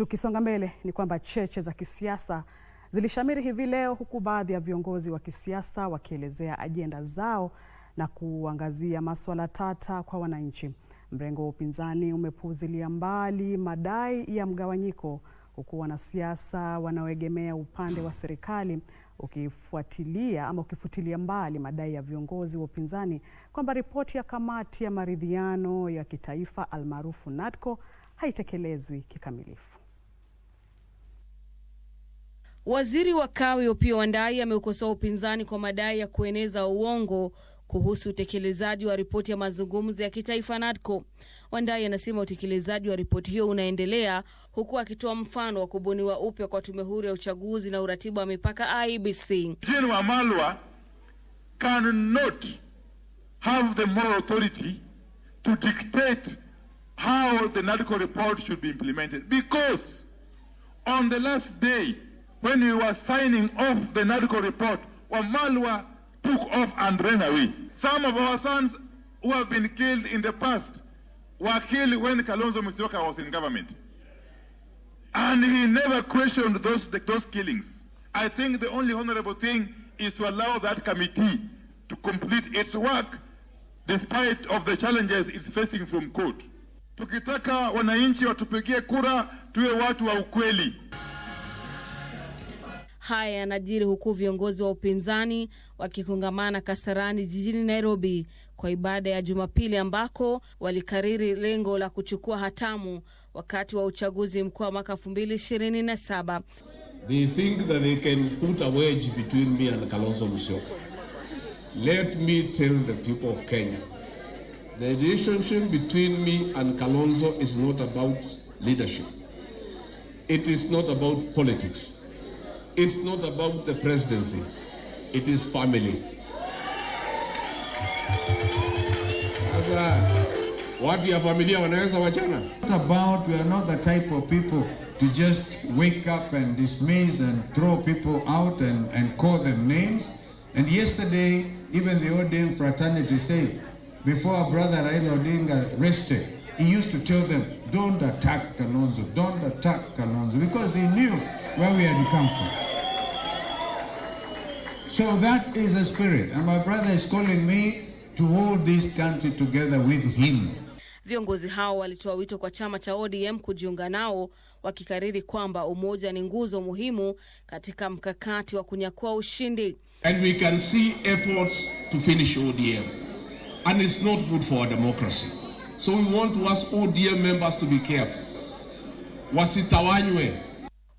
Tukisonga mbele ni kwamba cheche za kisiasa zilishamiri hivi leo huku baadhi ya viongozi wa kisiasa wakielezea ajenda zao na kuangazia masuala tata kwa wananchi. Mrengo wa upinzani umepuuzilia mbali madai ya mgawanyiko huku wanasiasa wanaoegemea upande wa serikali ukifuatilia ama ukifutilia mbali madai ya viongozi wa upinzani kwamba ripoti ya kamati ya maridhiano ya kitaifa almaarufu NADCO haitekelezwi kikamilifu. Waziri wa Kawi Opiyo Wandayi ameukosoa upinzani kwa madai ya kueneza uongo kuhusu utekelezaji wa ripoti ya mazungumzo ya kitaifa NADCO. Wandayi anasema utekelezaji wa ripoti hiyo unaendelea huku akitoa mfano wa kubuniwa upya kwa tume huru ya uchaguzi na uratibu wa mipaka IEBC. On the last day when you were signing off the NADCO report, Wamalwa took off and ran away. Some of our sons who have been killed in the past were killed when Kalonzo Musyoka was in government. And he never questioned those, those killings. I think the only honorable thing is to allow that committee to complete its work despite of the challenges it's facing from court. Tukitaka wananchi watupigie kura, tuwe watu wa ukweli. Haya yanajiri huku viongozi wa upinzani wakikongamana Kasarani jijini Nairobi kwa ibada ya Jumapili ambako walikariri lengo la kuchukua hatamu wakati wa uchaguzi mkuu wa mwaka 2027. They think that they can put a wedge between me and Kalonzo Musyoka. Let me tell the people of Kenya. The relationship between me and Kalonzo is not about leadership. It is not about politics. It's not about the presidency, it is family. are familiar with familia our channel. Not about we are not the type of people to just wake up and dismiss and throw people out and, and call them names. And yesterday, even the Odin fraternity said, before our brother Raila Odinga rested, he used to tell them, don't attack Kalonzo, don't attack Kalonzo, because he knew where we had come from. So that is the spirit. And my brother is calling me to hold this country together with him. Viongozi hao walitoa wito kwa chama cha ODM kujiunga nao wakikariri kwamba umoja ni nguzo muhimu katika mkakati wa kunyakua ushindi. And we can see efforts to finish ODM. And it's not good for our democracy. So we want to ask ODM members to be careful. Wasitawanywe.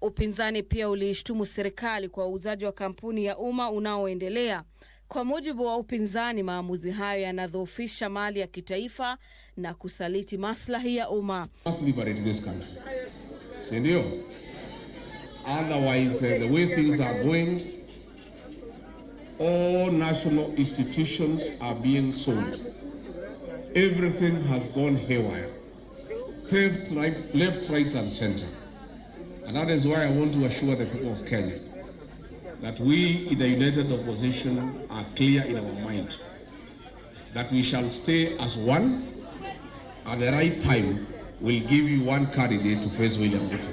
Upinzani pia uliishtumu serikali kwa uuzaji wa kampuni ya umma unaoendelea. Kwa mujibu wa upinzani, maamuzi hayo yanadhoofisha mali ya kitaifa na kusaliti maslahi ya umma. Otherwise, uh, the way things are going, all national institutions are being sold. Everything has gone haywire. Theft, right, left, right and center. And that is why I want to assure the people of Kenya that we in the united opposition are clear in our mind that we shall stay as one. At the right time, we'll give you one candidate to face William Ruto.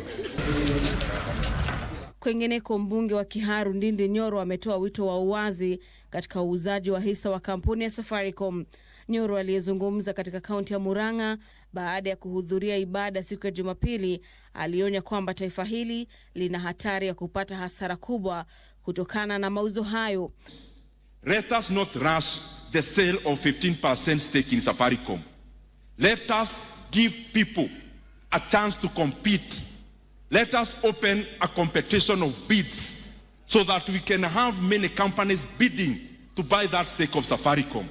Kwengineko, mbunge wa Kiharu Ndindi Nyoro ametoa wito wa uwazi katika uuzaji wa hisa wa kampuni ya Safaricom. Nyoro aliyezungumza katika kaunti ya Murang'a baada ya kuhudhuria ibada siku ya Jumapili alionya kwamba taifa hili lina hatari ya kupata hasara kubwa kutokana na mauzo hayo. Let us not rush the sale of 15% stake in Safaricom. Let us give people a chance to compete. Let us open a competition of bids so that we can have many companies bidding to buy that stake of Safaricom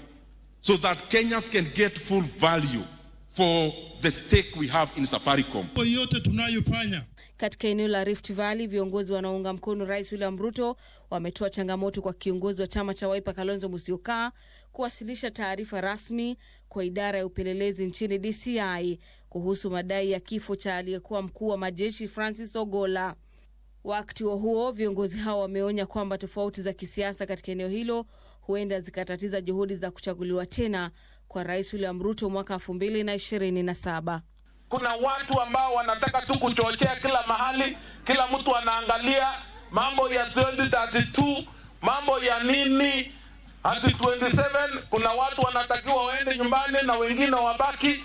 so that Kenyans can get full value for the stake we have in Safaricom. Yote tunayofanya katika eneo la Rift Valley, viongozi wanaounga mkono Rais William Ruto wametoa changamoto kwa kiongozi wa chama cha Wiper Kalonzo Musyoka kuwasilisha taarifa rasmi kwa idara ya upelelezi nchini DCI kuhusu madai ya kifo cha aliyekuwa mkuu wa majeshi Francis Ogola. Wakati wa huo viongozi hao wameonya kwamba tofauti za kisiasa katika eneo hilo huenda zikatatiza juhudi za kuchaguliwa tena kwa Rais William Ruto mwaka saba. Kuna watu ambao wanataka tu kuchochea kila mahali, kila mtu anaangalia mambo ya 2032, mambo ya nini hadi 27. Kuna watu wanatakiwa waende nyumbani na wengine wabaki.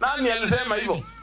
Nani alisema hivyo?